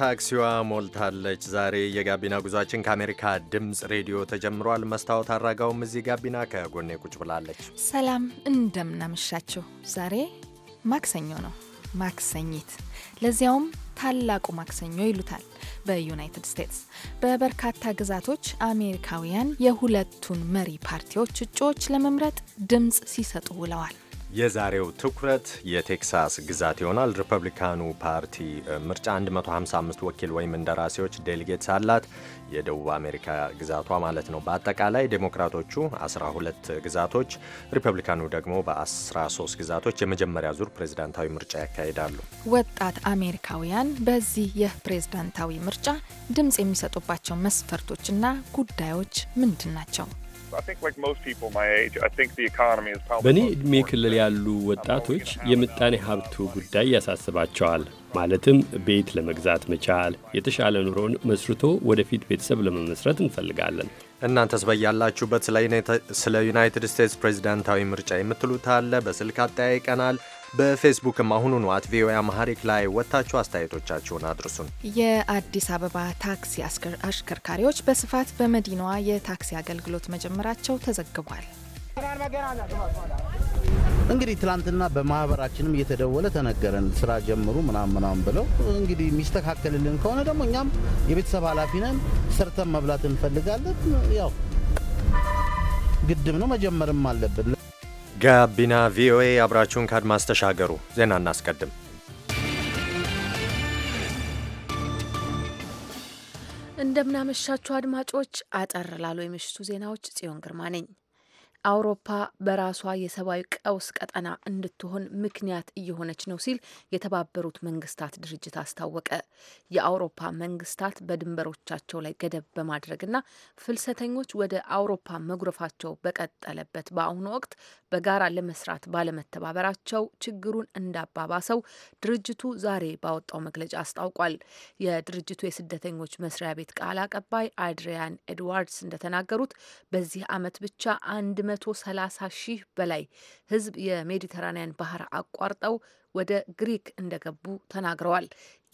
ታክሲዋ ሞልታለች። ዛሬ የጋቢና ጉዟችን ከአሜሪካ ድምፅ ሬዲዮ ተጀምሯል። መስታወት አራጋውም እዚህ ጋቢና ከጎኔ ቁጭ ብላለች። ሰላም እንደምናመሻችሁ። ዛሬ ማክሰኞ ነው፣ ማክሰኝት ለዚያውም ታላቁ ማክሰኞ ይሉታል በዩናይትድ ስቴትስ። በበርካታ ግዛቶች አሜሪካውያን የሁለቱን መሪ ፓርቲዎች እጩዎች ለመምረጥ ድምፅ ሲሰጡ ውለዋል። የዛሬው ትኩረት የቴክሳስ ግዛት ይሆናል። ሪፐብሊካኑ ፓርቲ ምርጫ 155 ወኪል ወይም እንደራሴዎች ዴሊጌትስ አላት፣ የደቡብ አሜሪካ ግዛቷ ማለት ነው። በአጠቃላይ ዴሞክራቶቹ 12 ግዛቶች፣ ሪፐብሊካኑ ደግሞ በ13 ግዛቶች የመጀመሪያ ዙር ፕሬዝዳንታዊ ምርጫ ያካሂዳሉ። ወጣት አሜሪካውያን በዚህ የፕሬዝዳንታዊ ምርጫ ድምፅ የሚሰጡባቸው መስፈርቶችና ጉዳዮች ምንድን ናቸው? በእኔ ዕድሜ ክልል ያሉ ወጣቶች የምጣኔ ሀብቱ ጉዳይ ያሳስባቸዋል። ማለትም ቤት ለመግዛት መቻል፣ የተሻለ ኑሮን መስርቶ ወደፊት ቤተሰብ ለመመስረት እንፈልጋለን። እናንተስ በያላችሁበት ስለ ዩናይትድ ስቴትስ ፕሬዚዳንታዊ ምርጫ የምትሉት አለ? በስልክ አጠያይቀናል። በፌስቡክም አሁኑኑ አት ቪኦኤ አማሐሪክ ላይ ወጥታችሁ አስተያየቶቻችሁን አድርሱን። የአዲስ አበባ ታክሲ አሽከርካሪዎች በስፋት በመዲናዋ የታክሲ አገልግሎት መጀመራቸው ተዘግቧል። እንግዲህ ትላንትና በማህበራችንም እየተደወለ ተነገረን ስራ ጀምሩ ምናምን ምናምን ብለው እንግዲህ የሚስተካከልልን ከሆነ ደግሞ እኛም የቤተሰብ ኃላፊ ነን፣ ሰርተን መብላት እንፈልጋለን። ያው ግድም ነው መጀመርም አለብን። ጋቢና ቪኦኤ አብራችሁን ካድማስ ተሻገሩ። ዜና እናስቀድም። እንደምናመሻችሁ አድማጮች፣ አጠር ላሉ የምሽቱ ዜናዎች ጽዮን ግርማ ነኝ። አውሮፓ በራሷ የሰብአዊ ቀውስ ቀጠና እንድትሆን ምክንያት እየሆነች ነው ሲል የተባበሩት መንግስታት ድርጅት አስታወቀ። የአውሮፓ መንግስታት በድንበሮቻቸው ላይ ገደብ በማድረግና ፍልሰተኞች ወደ አውሮፓ መጉረፋቸው በቀጠለበት በአሁኑ ወቅት በጋራ ለመስራት ባለመተባበራቸው ችግሩን እንዳባባሰው ድርጅቱ ዛሬ ባወጣው መግለጫ አስታውቋል። የድርጅቱ የስደተኞች መስሪያ ቤት ቃል አቀባይ አድሪያን ኤድዋርድስ እንደተናገሩት በዚህ ዓመት ብቻ አንድ 130 ሺህ በላይ ህዝብ የሜዲተራኒያን ባህር አቋርጠው ወደ ግሪክ እንደገቡ ተናግረዋል።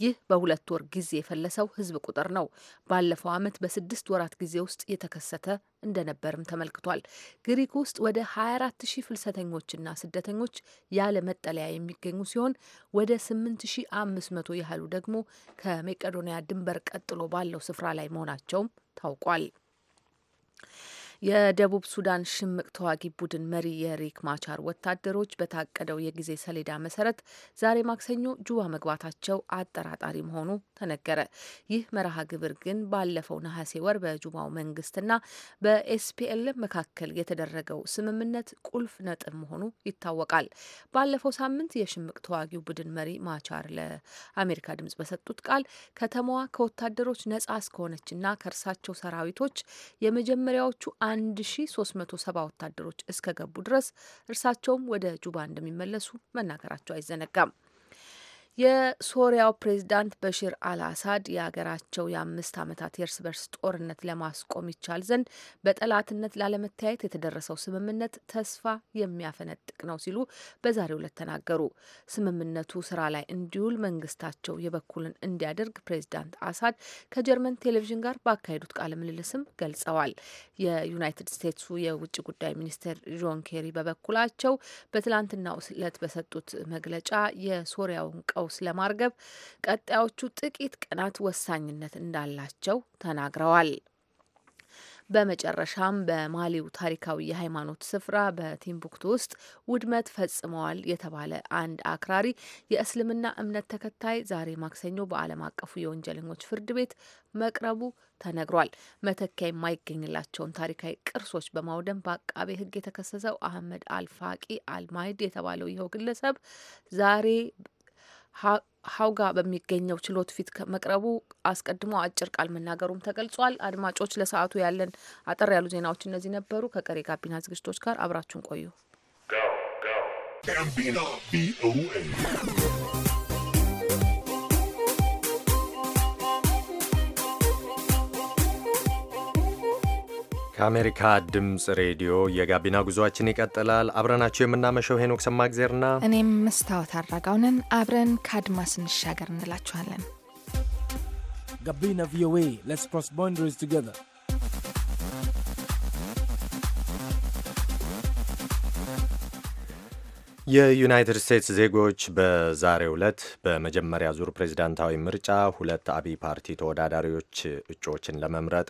ይህ በሁለት ወር ጊዜ የፈለሰው ህዝብ ቁጥር ነው። ባለፈው ዓመት በስድስት ወራት ጊዜ ውስጥ የተከሰተ እንደነበርም ተመልክቷል። ግሪክ ውስጥ ወደ 24 ሺህ ፍልሰተኞችና ስደተኞች ያለ መጠለያ የሚገኙ ሲሆን ወደ 8500 ያህሉ ደግሞ ከሜቄዶኒያ ድንበር ቀጥሎ ባለው ስፍራ ላይ መሆናቸውም ታውቋል። የደቡብ ሱዳን ሽምቅ ተዋጊ ቡድን መሪ የሪክ ማቻር ወታደሮች በታቀደው የጊዜ ሰሌዳ መሰረት ዛሬ ማክሰኞ ጁባ መግባታቸው አጠራጣሪ መሆኑ ተነገረ። ይህ መርሃ ግብር ግን ባለፈው ነሐሴ ወር በጁባው መንግስትና በኤስፒኤል መካከል የተደረገው ስምምነት ቁልፍ ነጥብ መሆኑ ይታወቃል። ባለፈው ሳምንት የሽምቅ ተዋጊው ቡድን መሪ ማቻር ለአሜሪካ ድምጽ በሰጡት ቃል ከተማዋ ከወታደሮች ነጻ እስከሆነችና ከእርሳቸው ሰራዊቶች የመጀመሪያዎቹ 1370 ወታደሮች እስከገቡ ድረስ እርሳቸውም ወደ ጁባ እንደሚመለሱ መናገራቸው አይዘነጋም። የሶሪያው ፕሬዝዳንት በሽር አልአሳድ የሀገራቸው የአምስት ዓመታት የእርስ በርስ ጦርነት ለማስቆም ይቻል ዘንድ በጠላትነት ላለመተያየት የተደረሰው ስምምነት ተስፋ የሚያፈነጥቅ ነው ሲሉ በዛሬው ዕለት ተናገሩ። ስምምነቱ ስራ ላይ እንዲውል መንግስታቸው የበኩልን እንዲያደርግ ፕሬዝዳንት አሳድ ከጀርመን ቴሌቪዥን ጋር ባካሄዱት ቃለ ምልልስም ገልጸዋል። የዩናይትድ ስቴትሱ የውጭ ጉዳይ ሚኒስትር ጆን ኬሪ በበኩላቸው በትላንትናው ዕለት በሰጡት መግለጫ የሶሪያውን ቀው ቀውስ ለማርገብ ቀጣዮቹ ጥቂት ቀናት ወሳኝነት እንዳላቸው ተናግረዋል። በመጨረሻም በማሊው ታሪካዊ የሃይማኖት ስፍራ በቲምቡክቱ ውስጥ ውድመት ፈጽመዋል የተባለ አንድ አክራሪ የእስልምና እምነት ተከታይ ዛሬ ማክሰኞ በዓለም አቀፉ የወንጀለኞች ፍርድ ቤት መቅረቡ ተነግሯል። መተኪያ የማይገኝላቸውን ታሪካዊ ቅርሶች በማውደም በአቃቤ ሕግ የተከሰሰው አህመድ አልፋቂ አልማይድ የተባለው ይኸው ግለሰብ ዛሬ ሀውጋ በሚገኘው ችሎት ፊት መቅረቡ አስቀድሞ አጭር ቃል መናገሩም ተገልጿል። አድማጮች ለሰዓቱ ያለን አጠር ያሉ ዜናዎች እነዚህ ነበሩ። ከቀሪ ጋቢና ዝግጅቶች ጋር አብራችሁን ቆዩ። ከአሜሪካ ድምፅ ሬዲዮ የጋቢና ጉዟችን ይቀጥላል። አብረናቸው የምናመሸው ሄኖክ ሰማግዜርና እኔም መስታወት አድራጋውንን አብረን ከአድማስ እንሻገር እንላችኋለን። ጋቢና ቪኦኤ ሌትስ ክሮስ ቦንደሪስ ቱጌዘር የዩናይትድ ስቴትስ ዜጎች በዛሬ ዕለት በመጀመሪያ ዙር ፕሬዚዳንታዊ ምርጫ ሁለት አብይ ፓርቲ ተወዳዳሪዎች እጩዎችን ለመምረጥ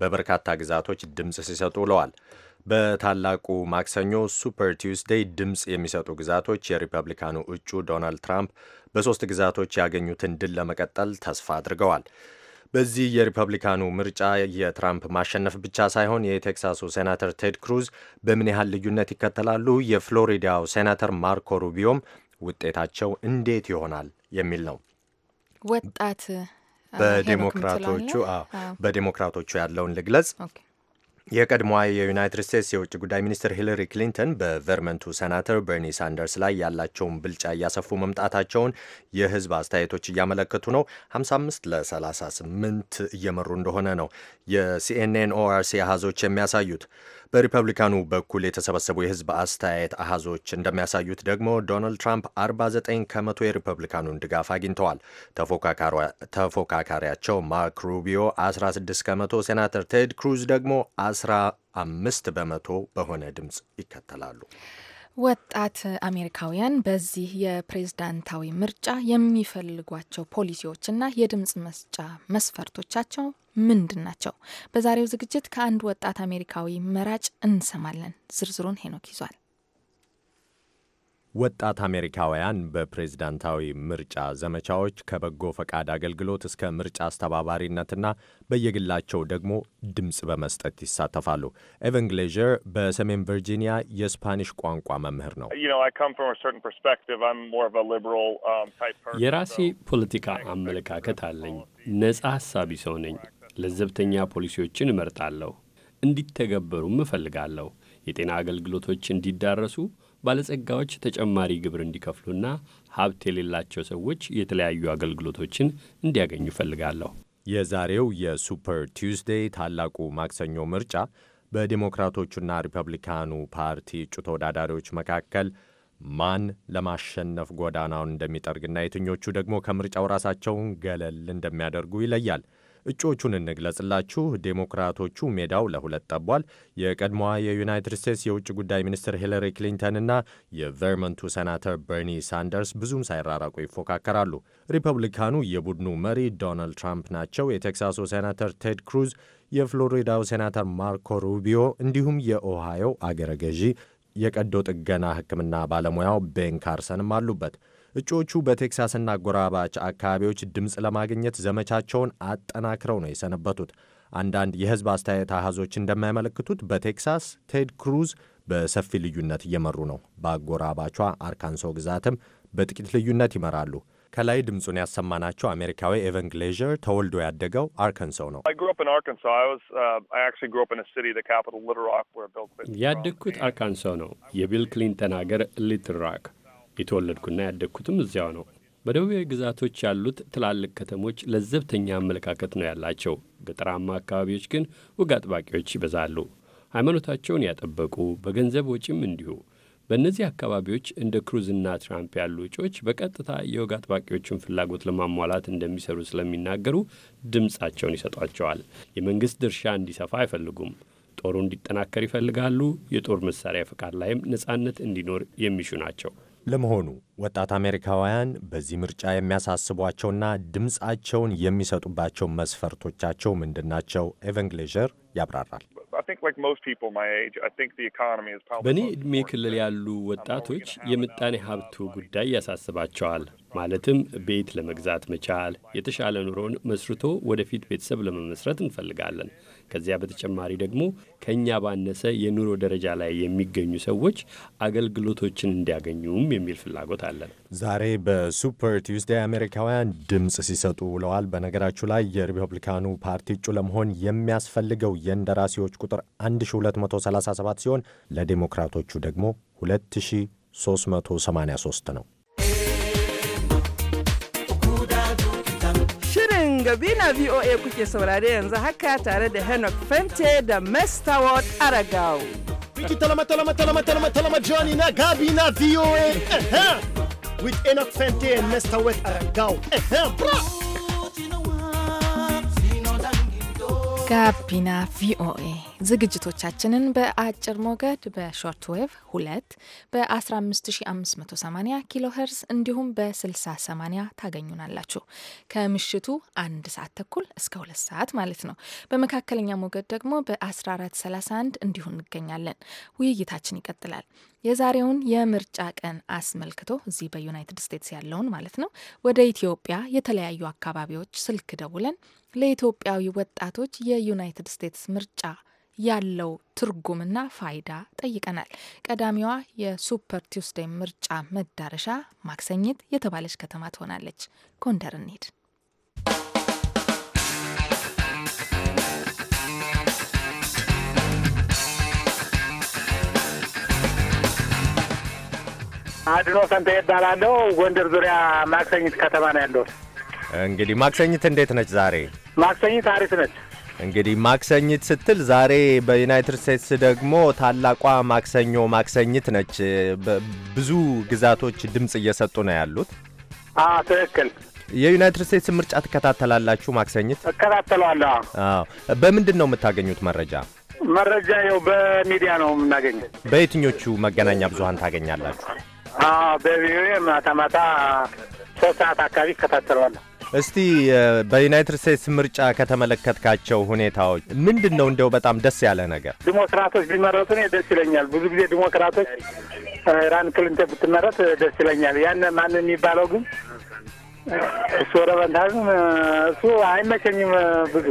በበርካታ ግዛቶች ድምፅ ሲሰጡ ውለዋል። በታላቁ ማክሰኞ ሱፐር ቲውስዴይ ድምፅ የሚሰጡ ግዛቶች የሪፐብሊካኑ እጩ ዶናልድ ትራምፕ በሦስት ግዛቶች ያገኙትን ድል ለመቀጠል ተስፋ አድርገዋል። በዚህ የሪፐብሊካኑ ምርጫ የትራምፕ ማሸነፍ ብቻ ሳይሆን የቴክሳሱ ሴናተር ቴድ ክሩዝ በምን ያህል ልዩነት ይከተላሉ፣ የፍሎሪዳው ሴናተር ማርኮ ሩቢዮም ውጤታቸው እንዴት ይሆናል የሚል ነው። ወጣት በዲሞክራቶቹ በዲሞክራቶቹ ያለውን ልግለጽ የቀድሞዋ የዩናይትድ ስቴትስ የውጭ ጉዳይ ሚኒስትር ሂለሪ ክሊንተን በቨርመንቱ ሴናተር በርኒ ሳንደርስ ላይ ያላቸውን ብልጫ እያሰፉ መምጣታቸውን የህዝብ አስተያየቶች እያመለከቱ ነው። 55 ለ38 እየመሩ እንደሆነ ነው የሲኤንኤን ኦአርሲ አሃዞች የሚያሳዩት። በሪፐብሊካኑ በኩል የተሰበሰቡ የህዝብ አስተያየት አሃዞች እንደሚያሳዩት ደግሞ ዶናልድ ትራምፕ 49 ከመቶ የሪፐብሊካኑን ድጋፍ አግኝተዋል። ተፎካካሪያቸው ማርክ ሩቢዮ 16 ከመቶ፣ ሴናተር ቴድ ክሩዝ ደግሞ አምስት በመቶ በሆነ ድምፅ ይከተላሉ። ወጣት አሜሪካውያን በዚህ የፕሬዝዳንታዊ ምርጫ የሚፈልጓቸው ፖሊሲዎችና የድምፅ መስጫ መስፈርቶቻቸው ምንድን ናቸው? በዛሬው ዝግጅት ከአንድ ወጣት አሜሪካዊ መራጭ እንሰማለን። ዝርዝሩን ሄኖክ ይዟል። ወጣት አሜሪካውያን በፕሬዝዳንታዊ ምርጫ ዘመቻዎች ከበጎ ፈቃድ አገልግሎት እስከ ምርጫ አስተባባሪነትና በየግላቸው ደግሞ ድምፅ በመስጠት ይሳተፋሉ። ኤቨን ግሌዥር በሰሜን ቨርጂኒያ የስፓኒሽ ቋንቋ መምህር ነው። um, የራሴ ፖለቲካ አመለካከት አለኝ። ነጻ ሀሳቢ ሰው ነኝ። ለዘብተኛ ፖሊሲዎችን እመርጣለሁ፣ እንዲተገበሩም እፈልጋለሁ። የጤና አገልግሎቶች እንዲዳረሱ ባለጸጋዎች ተጨማሪ ግብር እንዲከፍሉና ሀብት የሌላቸው ሰዎች የተለያዩ አገልግሎቶችን እንዲያገኙ ይፈልጋለሁ የዛሬው የሱፐር ቲውስዴይ ታላቁ ማክሰኞ ምርጫ በዲሞክራቶቹና ሪፐብሊካኑ ፓርቲ እጩ ተወዳዳሪዎች መካከል ማን ለማሸነፍ ጎዳናውን እንደሚጠርግና የትኞቹ ደግሞ ከምርጫው ራሳቸውን ገለል እንደሚያደርጉ ይለያል። እጩዎቹን እንግለጽላችሁ። ዴሞክራቶቹ ሜዳው ለሁለት ጠቧል። የቀድሞዋ የዩናይትድ ስቴትስ የውጭ ጉዳይ ሚኒስትር ሂለሪ ክሊንተንና የቨርመንቱ ሰናተር በርኒ ሳንደርስ ብዙም ሳይራራቁ ይፎካከራሉ። ሪፐብሊካኑ የቡድኑ መሪ ዶናልድ ትራምፕ ናቸው። የቴክሳሱ ሴናተር ቴድ ክሩዝ፣ የፍሎሪዳው ሴናተር ማርኮ ሩቢዮ እንዲሁም የኦሃዮ አገረ ገዢ የቀዶ ጥገና ሕክምና ባለሙያው ቤን ካርሰንም አሉበት። እጩዎቹ በቴክሳስና አጎራባች አካባቢዎች ድምፅ ለማግኘት ዘመቻቸውን አጠናክረው ነው የሰነበቱት። አንዳንድ የህዝብ አስተያየት አሃዞች እንደሚያመለክቱት በቴክሳስ ቴድ ክሩዝ በሰፊ ልዩነት እየመሩ ነው። በአጎራባቿ አርካንሶ ግዛትም በጥቂት ልዩነት ይመራሉ። ከላይ ድምፁን ያሰማናቸው አሜሪካዊ ኤቨን ግሌዥር ተወልዶ ያደገው አርከንሶ ነው። uh, ያደግኩት አርካንሶ ነው፣ የቢል ክሊንተን ሀገር ሊትል ሮክ የተወለድኩና ያደግኩትም እዚያው ነው። በደቡባዊ ግዛቶች ያሉት ትላልቅ ከተሞች ለዘብተኛ አመለካከት ነው ያላቸው። ገጠራማ አካባቢዎች ግን ወግ አጥባቂዎች ይበዛሉ። ሃይማኖታቸውን ያጠበቁ፣ በገንዘብ ወጪም እንዲሁ። በእነዚህ አካባቢዎች እንደ ክሩዝና ትራምፕ ያሉ እጩዎች በቀጥታ የወግ አጥባቂዎችን ፍላጎት ለማሟላት እንደሚሰሩ ስለሚናገሩ ድምፃቸውን ይሰጧቸዋል። የመንግሥት ድርሻ እንዲሰፋ አይፈልጉም። ጦሩ እንዲጠናከር ይፈልጋሉ። የጦር መሳሪያ ፈቃድ ላይም ነጻነት እንዲኖር የሚሹ ናቸው። ለመሆኑ ወጣት አሜሪካውያን በዚህ ምርጫ የሚያሳስቧቸውና ድምፃቸውን የሚሰጡባቸው መስፈርቶቻቸው ምንድን ናቸው? ኤቨን ግሌዥር ያብራራል። በእኔ ዕድሜ ክልል ያሉ ወጣቶች የምጣኔ ሀብቱ ጉዳይ ያሳስባቸዋል። ማለትም ቤት ለመግዛት መቻል፣ የተሻለ ኑሮን መስርቶ ወደፊት ቤተሰብ ለመመስረት እንፈልጋለን። ከዚያ በተጨማሪ ደግሞ ከእኛ ባነሰ የኑሮ ደረጃ ላይ የሚገኙ ሰዎች አገልግሎቶችን እንዲያገኙም የሚል ፍላጎት አለን። ዛሬ በሱፐር ቲውስዴይ አሜሪካውያን ድምፅ ሲሰጡ ውለዋል። በነገራችሁ ላይ የሪፐብሊካኑ ፓርቲ እጩ ለመሆን የሚያስፈልገው የእንደራሴዎች ቁጥር 1237 ሲሆን ለዴሞክራቶቹ ደግሞ 2383 ነው። Dabina VOA kuke saurare yanzu haka tare da Henok Fente da Mr. Ward Aragaw. Wiki talama talama talama talama talama Johnny na Gabi na VOA. With Henok Fente and Mr. Ward Aragaw. Bra! ጋቢና ቪኦኤ ዝግጅቶቻችንን በአጭር ሞገድ በሾርት ዌቭ ሁለት በ15580 ኪሎ ሄርዝ እንዲሁም በ6080 ታገኙናላችሁ። ከምሽቱ አንድ ሰዓት ተኩል እስከ ሁለት ሰዓት ማለት ነው። በመካከለኛ ሞገድ ደግሞ በ1431 እንዲሁን እንገኛለን። ውይይታችን ይቀጥላል። የዛሬውን የምርጫ ቀን አስመልክቶ እዚህ በዩናይትድ ስቴትስ ያለውን ማለት ነው ወደ ኢትዮጵያ የተለያዩ አካባቢዎች ስልክ ደውለን ለኢትዮጵያዊ ወጣቶች የዩናይትድ ስቴትስ ምርጫ ያለው ትርጉምና ፋይዳ ጠይቀናል። ቀዳሚዋ የሱፐር ቲውስዴይ ምርጫ መዳረሻ ማክሰኝት የተባለች ከተማ ትሆናለች። ጎንደር አድኖ ሰንተ ይባላለው። ጎንደር ዙሪያ ማክሰኝት ከተማ ነው ያለሁት። እንግዲህ ማክሰኝት እንዴት ነች ዛሬ? ማክሰኝት አሪፍ ነች። እንግዲህ ማክሰኝት ስትል ዛሬ በዩናይትድ ስቴትስ ደግሞ ታላቋ ማክሰኞ ማክሰኝት ነች። ብዙ ግዛቶች ድምፅ እየሰጡ ነው ያሉት። ትክክል። የዩናይትድ ስቴትስ ምርጫ ትከታተላላችሁ? ማክሰኝት እከታተለዋለሁ። በምንድን ነው የምታገኙት መረጃ? መረጃ ያው በሚዲያ ነው የምናገኘው። በየትኞቹ መገናኛ ብዙሀን ታገኛላችሁ? በቪኦኤ ማታ ማታ ሶስት ሰዓት አካባቢ እከታተላለሁ። እስቲ በዩናይትድ ስቴትስ ምርጫ ከተመለከትካቸው ሁኔታዎች ምንድን ነው እንደው በጣም ደስ ያለ ነገር? ዲሞክራቶች ቢመረጡ እኔ ደስ ይለኛል። ብዙ ጊዜ ዲሞክራቶች ራን ክሊንተን ብትመረጥ ደስ ይለኛል። ያን ማን የሚባለው ግን እሱ ረበንታዝም እሱ አይመቸኝም ብዙ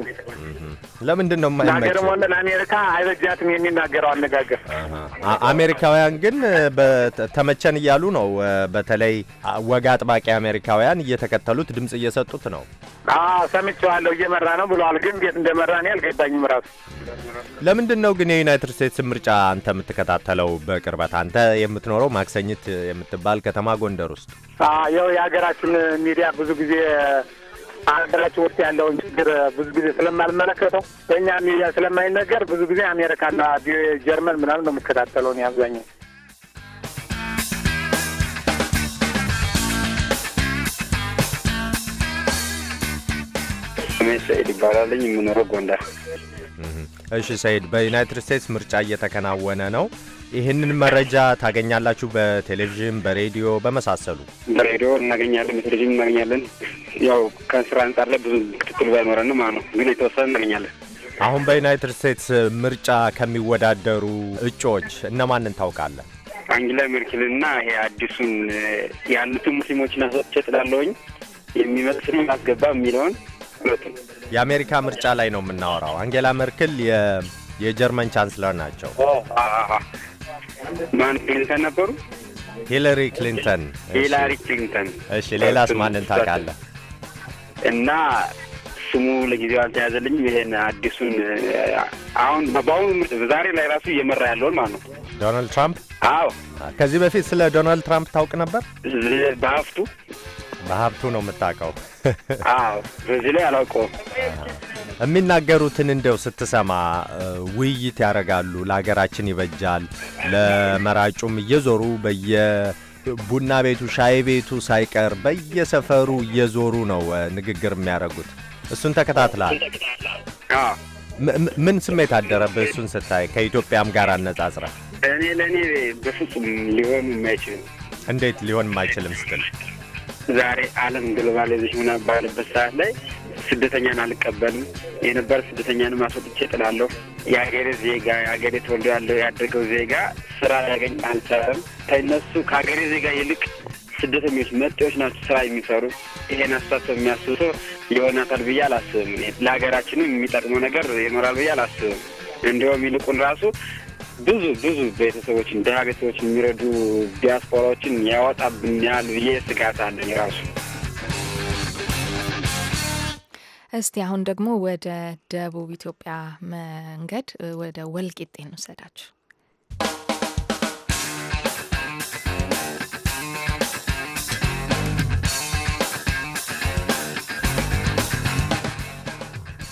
ለምንድን ነው የማይመቸን? ለአሜሪካ አይበጃትም የሚናገረው አነጋገር። አሜሪካውያን ግን ተመቸን እያሉ ነው። በተለይ ወግ አጥባቂ አሜሪካውያን እየተከተሉት ድምጽ እየሰጡት ነው። ሰምቼዋለሁ። እየመራ ነው ብለዋል። ግን እንዴት እንደመራ እኔ አልገባኝም ራሱ። ለምንድን ነው ግን የዩናይትድ ስቴትስ ምርጫ አንተ የምትከታተለው በቅርበት? አንተ የምትኖረው ማክሰኝት የምትባል ከተማ ጎንደር ውስጥ። ያው የሀገራችን ሚዲያ ብዙ ጊዜ አገራች ውስጥ ያለውን ችግር ብዙ ጊዜ ስለማልመለከተው በእኛ ሚዲያ ስለማይነገር ብዙ ጊዜ አሜሪካና ጀርመን ምናምን ነው የምከታተለው እኔ አብዛኛው። ስሜ ሰኢድ ይባላለኝ የምኖረው ጎንደር። እሺ ሰይድ፣ በዩናይትድ ስቴትስ ምርጫ እየተከናወነ ነው። ይህንን መረጃ ታገኛላችሁ በቴሌቪዥን፣ በሬዲዮ በመሳሰሉ? በሬዲዮ እናገኛለን፣ በቴሌቪዥን እናገኛለን። ያው ከስራ አንጻር ላይ ብዙ ክትትል ባይኖረን ማለት ነው፣ ግን የተወሰነ እናገኛለን። አሁን በዩናይትድ ስቴትስ ምርጫ ከሚወዳደሩ እጩዎች እነማንን ታውቃለህ? አንግላ ሜርክልና ይሄ አዲሱን ያሉትን ሙስሊሞችን አስወጥቼ ጥላለውኝ የሚመስል አስገባ የሚለውን የአሜሪካ ምርጫ ላይ ነው የምናወራው። አንጌላ መርክል የጀርመን ቻንስለር ናቸው። ማን ክሊንተን ነበሩ? ሂለሪ ክሊንተን። ሂላሪ ክሊንተን። እሺ፣ ሌላስ ማንን ታውቃለህ? እና ስሙ ለጊዜው አልተያዘልኝም። ይሄን አዲሱን አሁን በአሁኑ ዛሬ ላይ ራሱ እየመራ ያለውን ማለት ነው ዶናልድ ትራምፕ። አዎ ከዚህ በፊት ስለ ዶናልድ ትራምፕ ታውቅ ነበር? በሀብቱ በሀብቱ ነው የምታውቀው? አዎ በዚህ ላይ አላውቀውም። የሚናገሩትን እንደው ስትሰማ ውይይት ያደርጋሉ፣ ለሀገራችን ይበጃል፣ ለመራጩም እየዞሩ በየ ቡና ቤቱ፣ ሻይ ቤቱ ሳይቀር በየሰፈሩ እየዞሩ ነው ንግግር የሚያደርጉት። እሱን ተከታትላል። ምን ስሜት አደረብህ እሱን ስታይ ከኢትዮጵያም ጋር አነጻጽረ እኔ ለእኔ በፍጹም ሊሆን የማይችልም እንዴት ሊሆን የማይችልም ስትል ዛሬ ዓለም ግሎባላይዜሽን ምናባልበት ሰዓት ላይ ስደተኛን አልቀበልም የነበር ስደተኛን ማስወጥቼ ጥላለሁ። የሀገሬ ዜጋ የሀገሬ ተወልዶ ያለው ያደገው ዜጋ ስራ ሊያገኝ አልቻለም። ከነሱ ከሀገሬ ዜጋ ይልቅ ስደተኞች መጤዎች ናቸው ስራ የሚሰሩ። ይሄን አስተሳሰብ የሚያስብ ሰው ይሆናታል ብዬ አላስብም። ለሀገራችንም የሚጠቅመው ነገር ይኖራል ብዬ አላስብም። እንዲሁም ይልቁን ራሱ ብዙ ብዙ ቤተሰቦችን ደሃ ቤተሰቦችን የሚረዱ ዲያስፖራዎችን ያወጣብናል ብዬ ስጋት አለኝ ራሱ እስቲ አሁን ደግሞ ወደ ደቡብ ኢትዮጵያ መንገድ ወደ ወልቂጤ እንውሰዳችሁ።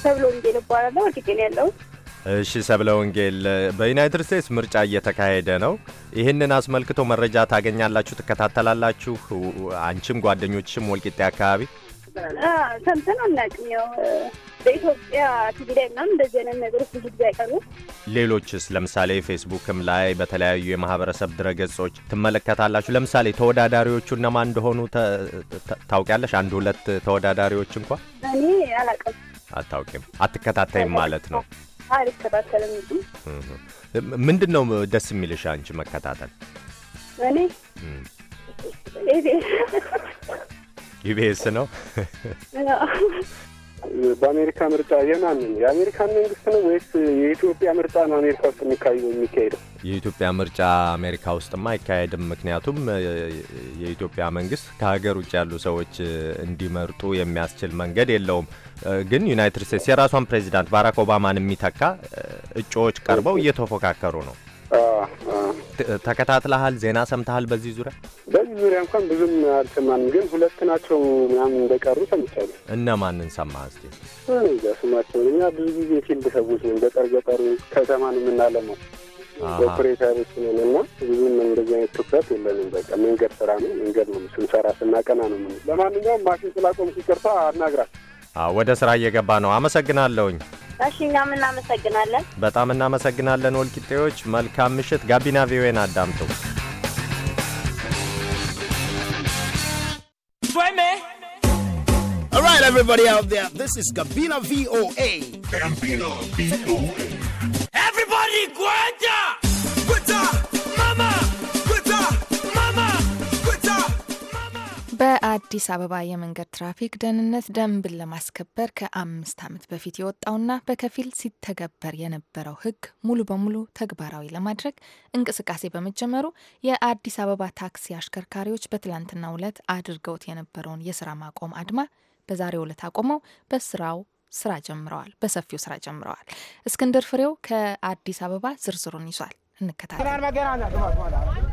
ሰብሎ ወንጌል እባላለሁ። ወልቂጤ ነው ያለው። እሺ ሰብለ ወንጌል፣ በዩናይትድ ስቴትስ ምርጫ እየተካሄደ ነው። ይህንን አስመልክቶ መረጃ ታገኛላችሁ፣ ትከታተላላችሁ? አንቺም ጓደኞችም ወልቂጤ አካባቢ ሰምተን አናውቅም። ያው በኢትዮጵያ ቲቪ ላይ ምናምን እንደዚህ አይነት ነገሮች ብዙ ጊዜ አይቀሩም። ሌሎችስ ለምሳሌ ፌስቡክም ላይ በተለያዩ የማህበረሰብ ድረገጾች ትመለከታላችሁ። ለምሳሌ ተወዳዳሪዎቹ እነማን እንደሆኑ ታውቂያለሽ? አንድ ሁለት ተወዳዳሪዎች እንኳ እኔ አላውቅም። አታውቂም? አትከታተይም ማለት ነው? አልከታተልም። ምንድን ነው ደስ የሚልሽ አንቺ መከታተል? እኔ ኢቢኤስ ነው። በአሜሪካ ምርጫ የማንን የአሜሪካን መንግስት ነው ወይስ የኢትዮጵያ ምርጫ ነው አሜሪካ ውስጥ የሚካሄደው? የኢትዮጵያ ምርጫ አሜሪካ ውስጥማ አይካሄድም። ምክንያቱም የኢትዮጵያ መንግስት ከሀገር ውጭ ያሉ ሰዎች እንዲመርጡ የሚያስችል መንገድ የለውም። ግን ዩናይትድ ስቴትስ የራሷን ፕሬዚዳንት ባራክ ኦባማን የሚተካ እጩዎች ቀርበው እየተፎካከሩ ነው። ተከታትለሃል? ዜና ሰምተሃል? በዚህ ዙሪያ በዚህ ዙሪያ እንኳን ብዙም አልሰማንም፣ ግን ሁለት ናቸው ምናምን እንደቀሩ ሰምቻለሁ። እነማንን ሰማህ እስኪ? እዛ ስማቸውን እኛ ብዙ ጊዜ ፊልድ ሰዎች ነን፣ ገጠር ገጠሩ ከተማን የምናለማው ኦፕሬተሮች ነን እና ብዙም እንደዚህ አይነት ትኩረት የለንም። በቃ መንገድ ስራ ነው፣ መንገድ ነው ስንሰራ ስናቀና ነው። ለማንኛውም ማሽን ስላቆም ሲቅርታ አናግራል ወደ ስራ እየገባ ነው። አመሰግናለሁኝ። እሺ፣ እኛም እናመሰግናለን። በጣም እናመሰግናለን። ወልቂጤዎች መልካም ምሽት። ጋቢና ቪዮን አዳምጡ። everybody out there. This is Gabina VOA. Gabina VOA. Everybody go! በአዲስ አበባ የመንገድ ትራፊክ ደህንነት ደንብን ለማስከበር ከአምስት ዓመት በፊት የወጣውና በከፊል ሲተገበር የነበረው ሕግ ሙሉ በሙሉ ተግባራዊ ለማድረግ እንቅስቃሴ በመጀመሩ የአዲስ አበባ ታክሲ አሽከርካሪዎች በትላንትናው ዕለት አድርገውት የነበረውን የስራ ማቆም አድማ በዛሬው ዕለት አቆመው በስራው ስራ ጀምረዋል። በሰፊው ስራ ጀምረዋል። እስክንድር ፍሬው ከአዲስ አበባ ዝርዝሩን ይዟል። እንከታል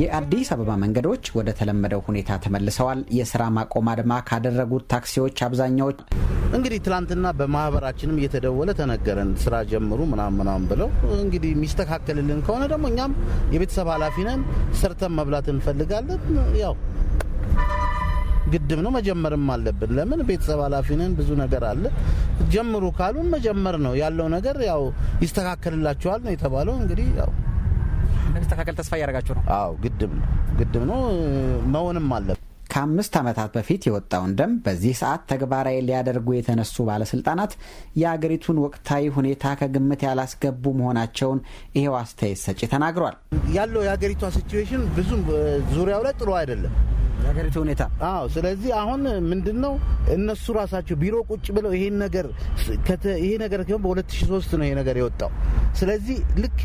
የአዲስ አበባ መንገዶች ወደ ተለመደው ሁኔታ ተመልሰዋል። የስራ ማቆም አድማ ካደረጉት ታክሲዎች አብዛኛዎች እንግዲህ ትላንትና በማህበራችንም እየተደወለ ተነገረን ስራ ጀምሩ ምናምን ምናምን ብለው እንግዲህ የሚስተካከልልን ከሆነ ደግሞ እኛም የቤተሰብ ኃላፊ ነን፣ ሰርተን መብላት እንፈልጋለን ያው ግድም ነው መጀመርም አለብን። ለምን ቤተሰብ ኃላፊነን ብዙ ነገር አለ። ጀምሩ ካሉን መጀመር ነው ያለው ነገር ያው ይስተካከልላችኋል ነው የተባለው። እንግዲህ ያው እንደሚስተካከል ተስፋ እያደረጋችሁ ነው። አዎ ነው ግድብ ነው መሆንም አለብን። ከአምስት ዓመታት በፊት የወጣውን ደንብ በዚህ ሰዓት ተግባራዊ ሊያደርጉ የተነሱ ባለስልጣናት የአገሪቱን ወቅታዊ ሁኔታ ከግምት ያላስገቡ መሆናቸውን ይሄው አስተያየት ሰጪ ተናግሯል። ያለው የአገሪቷ ሲትዌሽን ብዙም ዙሪያው ላይ ጥሩ አይደለም የሀገሪቱ ሁኔታ። አዎ፣ ስለዚህ አሁን ምንድን ነው እነሱ ራሳቸው ቢሮ ቁጭ ብለው ይሄን ነገር ይሄ ነገር ሲሆን በ2003 ነው ይሄ ነገር የወጣው። ስለዚህ ልክ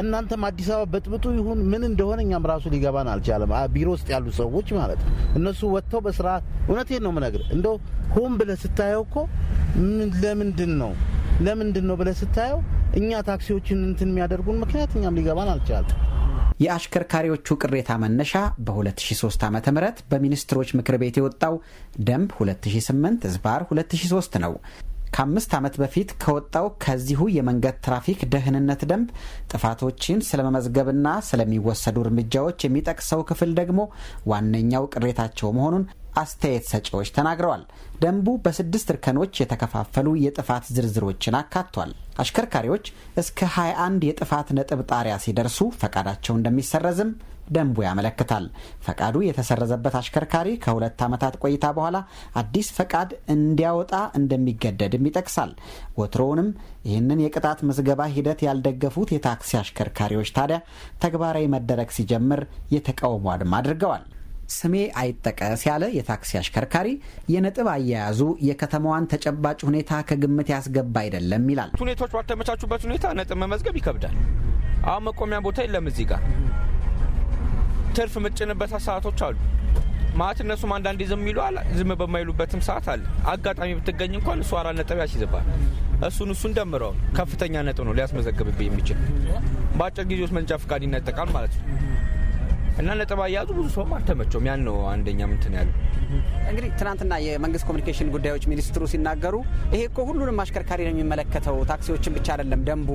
እናንተም አዲስ አበባ በጥብጡ ይሁን ምን እንደሆነ እኛም ራሱ ሊገባን አልቻለም፣ ቢሮ ውስጥ ያሉ ሰዎች ማለት ነው። እነሱ ወጥተው በስርዓት እውነቴን ነው የምነግርህ። እንደው ሆን ብለህ ስታየው እኮ ለምንድን ነው ለምንድን ነው ብለህ ስታየው እኛ ታክሲዎችን እንትን የሚያደርጉን ምክንያት እኛም ሊገባን አልቻለም። የአሽከርካሪዎቹ ቅሬታ መነሻ በ2003 ዓ ም በሚኒስትሮች ምክር ቤት የወጣው ደንብ 2008 ዝባር 2003 ነው። ከአምስት ዓመት በፊት ከወጣው ከዚሁ የመንገድ ትራፊክ ደህንነት ደንብ ጥፋቶችን ስለመመዝገብና ስለሚወሰዱ እርምጃዎች የሚጠቅሰው ክፍል ደግሞ ዋነኛው ቅሬታቸው መሆኑን አስተያየት ሰጪዎች ተናግረዋል። ደንቡ በስድስት እርከኖች የተከፋፈሉ የጥፋት ዝርዝሮችን አካቷል። አሽከርካሪዎች እስከ 21 የጥፋት ነጥብ ጣሪያ ሲደርሱ ፈቃዳቸው እንደሚሰረዝም ደንቡ ያመለክታል። ፈቃዱ የተሰረዘበት አሽከርካሪ ከሁለት ዓመታት ቆይታ በኋላ አዲስ ፈቃድ እንዲያወጣ እንደሚገደድም ይጠቅሳል። ወትሮውንም ይህንን የቅጣት ምዝገባ ሂደት ያልደገፉት የታክሲ አሽከርካሪዎች ታዲያ ተግባራዊ መደረግ ሲጀምር የተቃውሞ አድማ አድርገዋል። ስሜ አይጠቀስ ያለ የታክሲ አሽከርካሪ የነጥብ አያያዙ የከተማዋን ተጨባጭ ሁኔታ ከግምት ያስገባ አይደለም ይላል። ሁኔታዎች ባልተመቻቹበት ሁኔታ ነጥብ መመዝገብ ይከብዳል። አሁን መቆሚያ ቦታ የለም እዚህ ጋር ትርፍ የምጭንበት ሰዓቶች አሉ ማለት እነሱም አንዳንዴ ዝም ይሉ ዝም በማይሉበትም ሰዓት አለ። አጋጣሚ ብትገኝ እንኳን እሱ አራት ነጥብ ያስይዝባል። እሱን እሱን ደምረው ከፍተኛ ነጥብ ነው ሊያስመዘግብብ የሚችል በአጭር ጊዜ ውስጥ መንጃ ፍቃድ ይነጠቃል ማለት ነው። እና ነጥብ አያያዙ ብዙ ሰውም አልተመቸውም። ያን ነው አንደኛ ምንትን ያለ እንግዲህ ትናንትና የመንግስት ኮሚኒኬሽን ጉዳዮች ሚኒስትሩ ሲናገሩ ይሄ እኮ ሁሉንም አሽከርካሪ ነው የሚመለከተው ታክሲዎችን ብቻ አይደለም፣ ደንቡ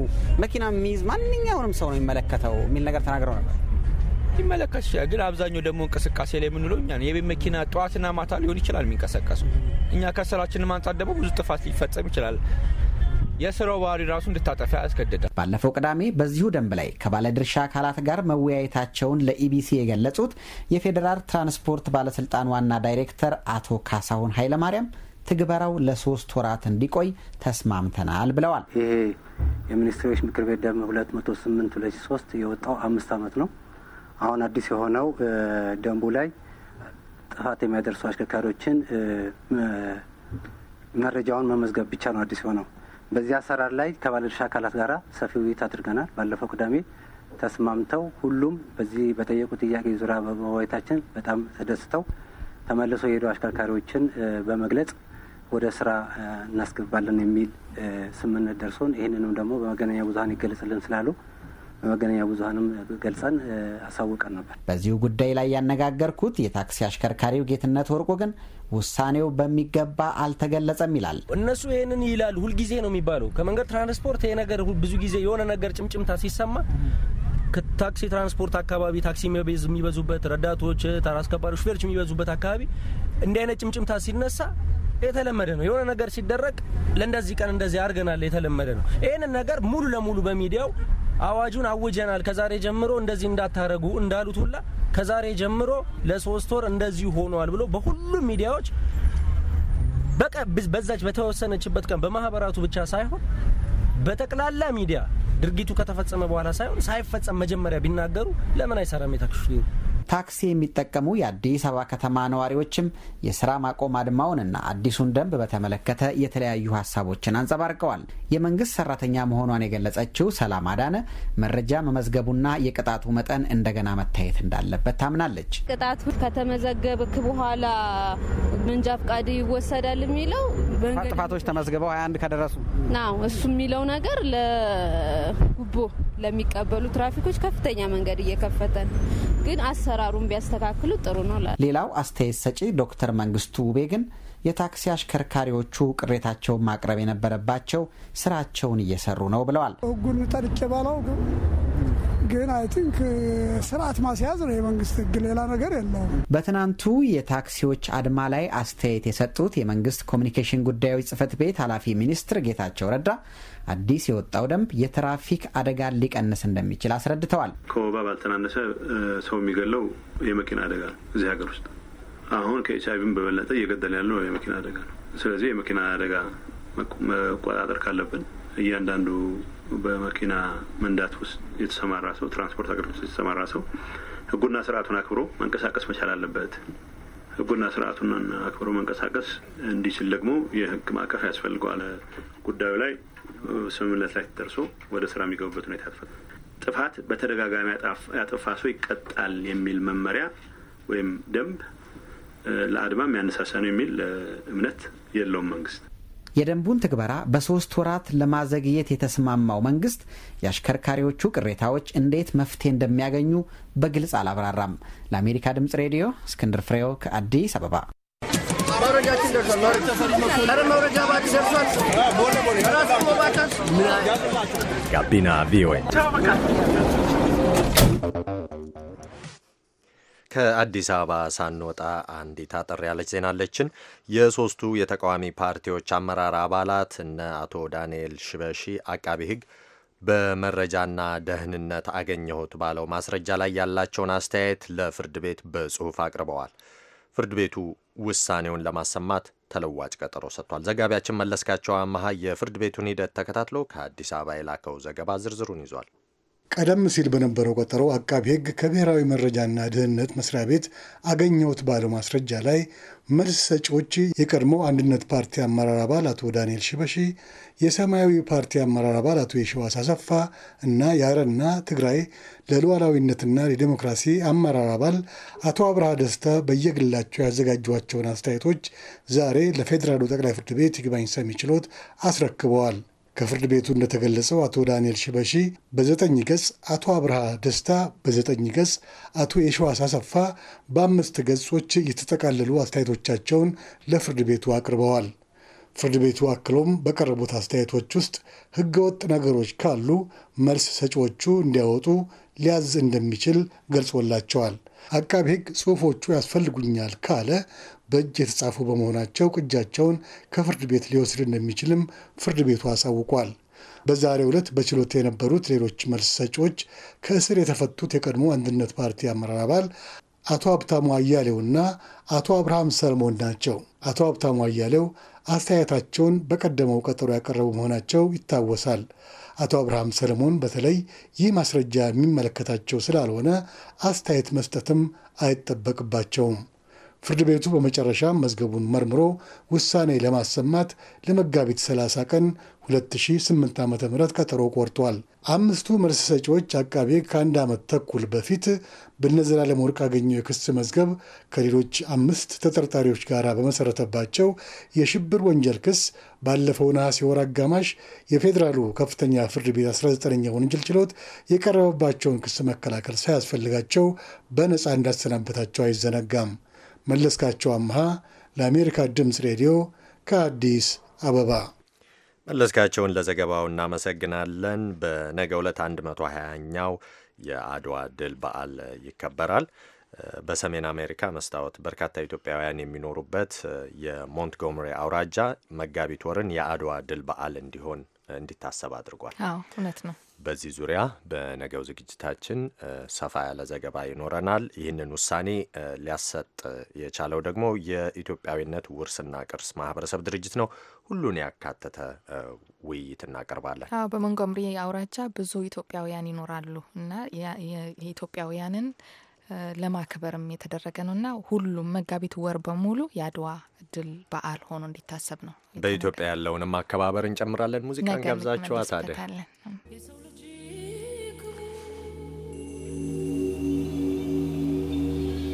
መኪና የሚይዝ ማንኛውንም ሰው ነው የሚመለከተው የሚል ነገር ተናግረው ነበር። ይመለከት ይችላል። ግን አብዛኛው ደግሞ እንቅስቃሴ ላይ የምንለው እኛ የቤት መኪና ጠዋትና ማታ ሊሆን ይችላል የሚንቀሳቀሱ እኛ ከስራችን ማንጻት ደግሞ ብዙ ጥፋት ሊፈጸም ይችላል። የስራው ባህሪ ራሱ እንድታጠፋ ያስገድዳል። ባለፈው ቅዳሜ በዚሁ ደንብ ላይ ከባለድርሻ አካላት ጋር መወያየታቸውን ለኢቢሲ የገለጹት የፌዴራል ትራንስፖርት ባለስልጣን ዋና ዳይሬክተር አቶ ካሳሁን ኃይለማርያም ትግበራው ለሶስት ወራት እንዲቆይ ተስማምተናል ብለዋል። ይሄ የሚኒስትሮች ምክር ቤት ደንብ ሁለት ሶስት የወጣው አምስት ዓመት ነው። አሁን አዲስ የሆነው ደንቡ ላይ ጥፋት የሚያደርሱ አሽከርካሪዎችን መረጃውን መመዝገብ ብቻ ነው አዲስ የሆነው። በዚህ አሰራር ላይ ከባለድርሻ አካላት ጋር ሰፊ ውይይት አድርገናል። ባለፈው ቅዳሜ ተስማምተው ሁሉም በዚህ በጠየቁ ጥያቄ ዙሪያ በመወያየታችን በጣም ተደስተው ተመልሶ የሄዱ አሽከርካሪዎችን በመግለጽ ወደ ስራ እናስገባለን የሚል ስምምነት ደርሶን ይህንንም ደግሞ በመገናኛ ብዙኃን ይገለጽልን ስላሉ በመገናኛ ብዙሀንም ገልጸን አሳውቀን ነበር። በዚሁ ጉዳይ ላይ ያነጋገርኩት የታክሲ አሽከርካሪው ጌትነት ወርቆ ግን ውሳኔው በሚገባ አልተገለጸም ይላል። እነሱ ይህንን ይላሉ፣ ሁልጊዜ ነው የሚባለው ከመንገድ ትራንስፖርት ይሄ ነገር ብዙ ጊዜ የሆነ ነገር ጭምጭምታ ሲሰማ ከታክሲ ትራንስፖርት አካባቢ ታክሲ የሚበዙበት ረዳቶች፣ ተራ አስከባሪ፣ ሹፌሮች የሚበዙበት አካባቢ እንዲህ አይነት ጭምጭምታ ሲነሳ የተለመደ ነው። የሆነ ነገር ሲደረግ ለእንደዚህ ቀን እንደዚህ አድርገናል የተለመደ ነው። ይህንን ነገር ሙሉ ለሙሉ በሚዲያው አዋጁን አውጀናል፣ ከዛሬ ጀምሮ እንደዚህ እንዳታረጉ እንዳሉት ሁላ ከዛሬ ጀምሮ ለሶስት ወር እንደዚሁ ሆኗል ብሎ በሁሉም ሚዲያዎች በዛች በተወሰነችበት ቀን በማህበራቱ ብቻ ሳይሆን በጠቅላላ ሚዲያ ድርጊቱ ከተፈጸመ በኋላ ሳይሆን ሳይፈጸም መጀመሪያ ቢናገሩ ለምን አይሰራም የታክሽ ታክሲ የሚጠቀሙ የአዲስ አበባ ከተማ ነዋሪዎችም የስራ ማቆም አድማውንና አዲሱን ደንብ በተመለከተ የተለያዩ ሀሳቦችን አንጸባርቀዋል። የመንግስት ሰራተኛ መሆኗን የገለጸችው ሰላም አዳነ መረጃ መመዝገቡና የቅጣቱ መጠን እንደገና መታየት እንዳለበት ታምናለች። ቅጣቱ ከተመዘገብክ በኋላ መንጃ ፍቃድ ይወሰዳል የሚለው ጥፋቶች ተመዝግበው 21 ከደረሱ ናው እሱ የሚለው ነገር ለጉቦ ለሚቀበሉ ትራፊኮች ከፍተኛ መንገድ እየከፈተ ነው። ግን አሰራሩን ቢያስተካክሉ ጥሩ ነው። ሌላው አስተያየት ሰጪ ዶክተር መንግስቱ ውቤ ግን የታክሲ አሽከርካሪዎቹ ቅሬታቸውን ማቅረብ የነበረባቸው ስራቸውን እየሰሩ ነው ብለዋል። ህጉን ጠልቄ ባለው ግን አይ ቲንክ ስርዓት ማስያዝ ነው የመንግስት ህግ፣ ሌላ ነገር የለውም። በትናንቱ የታክሲዎች አድማ ላይ አስተያየት የሰጡት የመንግስት ኮሚኒኬሽን ጉዳዮች ጽህፈት ቤት ኃላፊ ሚኒስትር ጌታቸው ረዳ አዲስ የወጣው ደንብ የትራፊክ አደጋን ሊቀንስ እንደሚችል አስረድተዋል። ከወባ ባልተናነሰ ሰው የሚገለው የመኪና አደጋ ነው። እዚህ ሀገር ውስጥ አሁን ከኤች አይቪም በበለጠ እየገደለ ያለው የመኪና አደጋ ነው። ስለዚህ የመኪና አደጋ መቆጣጠር ካለብን እያንዳንዱ በመኪና መንዳት ውስጥ የተሰማራ ሰው፣ ትራንስፖርት አገልግሎት የተሰማራ ሰው ህጉና ስርዓቱን አክብሮ መንቀሳቀስ መቻል አለበት። ህጉና ስርዓቱን አክብሮ መንቀሳቀስ እንዲችል ደግሞ የህግ ማዕቀፍ ያስፈልገዋል። ጉዳዩ ላይ ስምምነት ላይ ተደርሶ ወደ ስራ የሚገቡበት ሁኔታ ያትፈል ጥፋት በተደጋጋሚ ያጠፋ ሰው ይቀጣል የሚል መመሪያ ወይም ደንብ ለአድማ የሚያነሳሳ ነው የሚል እምነት የለውም መንግስት። የደንቡን ትግበራ በሶስት ወራት ለማዘግየት የተስማማው መንግስት የአሽከርካሪዎቹ ቅሬታዎች እንዴት መፍትሄ እንደሚያገኙ በግልጽ አላብራራም። ለአሜሪካ ድምጽ ሬዲዮ እስክንድር ፍሬው ከአዲስ አበባ። ጋቢና ቪኦኤ ከአዲስ አበባ ሳንወጣ አንዲት አጠር ያለች ዜናለችን የሶስቱ የተቃዋሚ ፓርቲዎች አመራር አባላት እነ አቶ ዳንኤል ሽበሺ አቃቢ ሕግ በመረጃና ደህንነት አገኘሁት ባለው ማስረጃ ላይ ያላቸውን አስተያየት ለፍርድ ቤት በጽሑፍ አቅርበዋል። ፍርድ ቤቱ ውሳኔውን ለማሰማት ተለዋጭ ቀጠሮ ሰጥቷል። ዘጋቢያችን መለስካቸው አመሃ የፍርድ ቤቱን ሂደት ተከታትሎ ከአዲስ አበባ የላከው ዘገባ ዝርዝሩን ይዟል። ቀደም ሲል በነበረው ቀጠሮ አቃቤ ሕግ ከብሔራዊ መረጃና ደህንነት መስሪያ ቤት አገኘሁት ባለው ማስረጃ ላይ መልስ ሰጪዎች የቀድሞ አንድነት ፓርቲ አመራር አባል አቶ ዳንኤል ሽበሺ፣ የሰማያዊ ፓርቲ አመራር አባል አቶ የሸዋስ አሰፋ እና የአረና ትግራይ ለሉዓላዊነትና ለዲሞክራሲ አመራር አባል አቶ አብርሃ ደስታ በየግላቸው ያዘጋጇቸውን አስተያየቶች ዛሬ ለፌዴራሉ ጠቅላይ ፍርድ ቤት ይግባኝ ሰሚ ችሎት አስረክበዋል። ከፍርድ ቤቱ እንደተገለጸው አቶ ዳንኤል ሽበሺ በዘጠኝ ገጽ፣ አቶ አብርሃ ደስታ በዘጠኝ ገጽ፣ አቶ የሸዋስ አሰፋ በአምስት ገጾች የተጠቃለሉ አስተያየቶቻቸውን ለፍርድ ቤቱ አቅርበዋል። ፍርድ ቤቱ አክሎም በቀረቡት አስተያየቶች ውስጥ ሕገወጥ ነገሮች ካሉ መልስ ሰጪዎቹ እንዲያወጡ ሊያዝ እንደሚችል ገልጾላቸዋል። አቃቢ ሕግ ጽሑፎቹ ያስፈልጉኛል ካለ በእጅ የተጻፉ በመሆናቸው ቅጃቸውን ከፍርድ ቤት ሊወስድ እንደሚችልም ፍርድ ቤቱ አሳውቋል። በዛሬው ዕለት በችሎት የነበሩት ሌሎች መልስ ሰጪዎች ከእስር የተፈቱት የቀድሞ አንድነት ፓርቲ አመራር አባል አቶ ሀብታሙ አያሌውና አቶ አብርሃም ሰለሞን ናቸው። አቶ ሀብታሙ አያሌው አስተያየታቸውን በቀደመው ቀጠሮ ያቀረቡ መሆናቸው ይታወሳል። አቶ አብርሃም ሰለሞን በተለይ ይህ ማስረጃ የሚመለከታቸው ስላልሆነ አስተያየት መስጠትም አይጠበቅባቸውም። ፍርድ ቤቱ በመጨረሻ መዝገቡን መርምሮ ውሳኔ ለማሰማት ለመጋቢት 30 ቀን 2008 ዓ ም ቀጠሮ ቆርጧል። አምስቱ መልስ ሰጪዎች አቃቤ ከአንድ ዓመት ተኩል በፊት በነዘላለም ወርቅ አገኘው የክስ መዝገብ ከሌሎች አምስት ተጠርጣሪዎች ጋር በመሰረተባቸው የሽብር ወንጀል ክስ ባለፈው ነሐሴ ወር አጋማሽ የፌዴራሉ ከፍተኛ ፍርድ ቤት 19ኛ ወንጀል ችሎት የቀረበባቸውን ክስ መከላከል ሳያስፈልጋቸው በነፃ እንዳሰናበታቸው አይዘነጋም። መለስካቸው አምሃ ለአሜሪካ ድምፅ ሬዲዮ ከአዲስ አበባ። መለስካቸውን ለዘገባው እናመሰግናለን። በነገ ዕለት 120ኛው የአድዋ ድል በዓል ይከበራል። በሰሜን አሜሪካ መስታወት በርካታ ኢትዮጵያውያን የሚኖሩበት የሞንትጎመሪ አውራጃ መጋቢት ወርን የአድዋ ድል በዓል እንዲሆን እንዲታሰብ አድርጓል። እውነት ነው። በዚህ ዙሪያ በነገው ዝግጅታችን ሰፋ ያለ ዘገባ ይኖረናል። ይህንን ውሳኔ ሊያሰጥ የቻለው ደግሞ የኢትዮጵያዊነት ውርስና ቅርስ ማህበረሰብ ድርጅት ነው። ሁሉን ያካተተ ውይይት እናቀርባለን። አዎ አውራጃ ብዙ ኢትዮጵያውያን ይኖራሉ እና የኢትዮጵያውያንን ለማክበርም የተደረገ ነው እና ሁሉም መጋቢት ወር በሙሉ የአድዋ ድል በዓል ሆኖ እንዲታሰብ ነው። በኢትዮጵያ ያለውንም አከባበር እንጨምራለን። ሙዚቃን ጋብዛችኋት አደ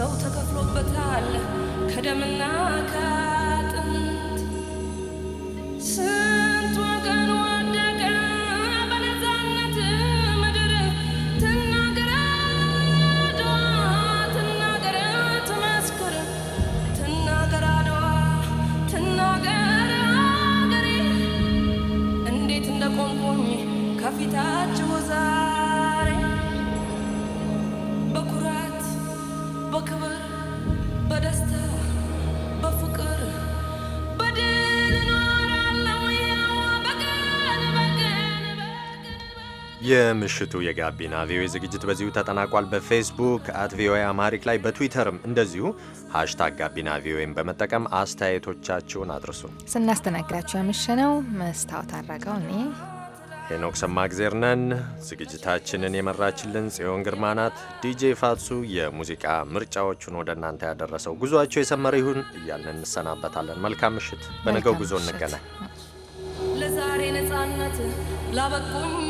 ሰው ተከፍሎበታል ከደምና ከ የምሽቱ የጋቢና ቪኦኤ ዝግጅት በዚሁ ተጠናቋል። በፌስቡክ አት ቪኦኤ አማሪክ ላይ በትዊተርም እንደዚሁ ሀሽታግ ጋቢና ቪኦኤም በመጠቀም አስተያየቶቻችሁን አድርሱ። ስናስተናግዳችሁ ነው መስታወት አድረገው እኔ ሄኖክ ሰማእግዜር ነን። ዝግጅታችንን የመራችልን ጽዮን ግርማ ናት። ዲጄ ፋሱ የሙዚቃ ምርጫዎቹን ወደ እናንተ ያደረሰው ጉዟቸው የሰመረ ይሁን እያልን እንሰናበታለን። መልካም ምሽት። በነገው ጉዞ እንገናኝ። ለዛሬ ነጻነት ላበቁም